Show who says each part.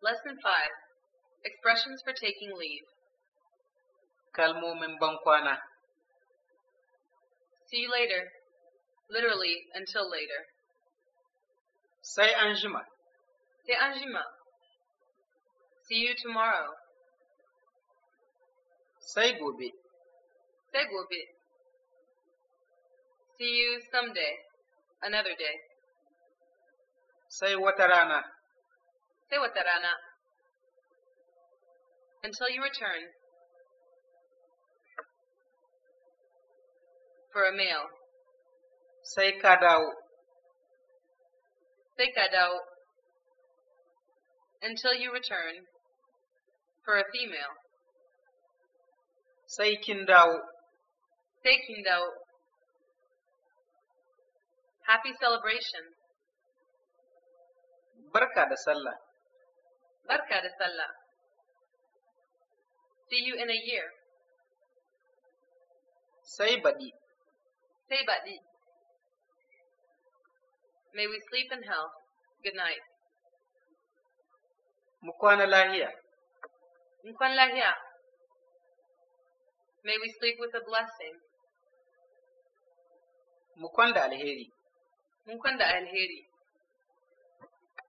Speaker 1: Lesson 5 Expressions for taking leave.
Speaker 2: Kalmomin bankwana.
Speaker 1: See you later. Literally, until later.
Speaker 2: Sai anjima.
Speaker 1: Sai anjima. See you tomorrow.
Speaker 3: Sai gobe.
Speaker 1: Sai gobe. See you someday. Another day.
Speaker 2: Sai watarana.
Speaker 1: Stay with that, Anna, until you return for a meal. Say kadao. Say kadao. Until you return for a female.
Speaker 2: Say kin Say
Speaker 1: Sai Happy celebration.
Speaker 2: Barka da sallah.
Speaker 1: Barka da Sallah. See you in a year.
Speaker 3: Say badi.
Speaker 1: Say badi. May we sleep in health. Good night.
Speaker 2: Mu kwana lahiya.
Speaker 1: Mu kwana lahiya. May we sleep with a blessing.
Speaker 3: Mu kwanda alheri.
Speaker 1: Mu kwanda alheri.